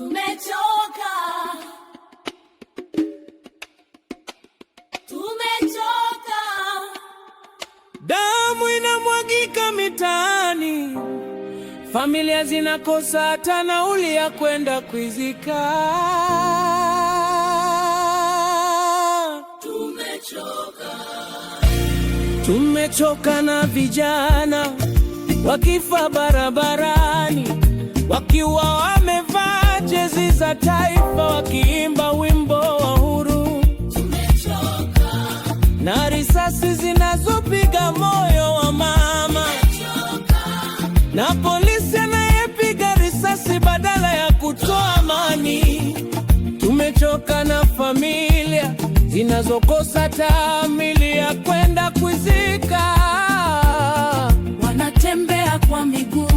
Tumechoka, tumechoka. Damu inamwagika mitaani, familia zinakosa hata nauli ya kwenda kuizika. Tumechoka, tumechoka na vijana wakifa barabarani wakiwa za taifa wakiimba wimbo wa huru. Tumechoka na risasi zinazopiga moyo wa mama. Tumechoka na polisi anayepiga risasi badala ya kutoa amani. Tumechoka na familia zinazokosa taamili ya kwenda kuizika, wanatembea kwa miguu.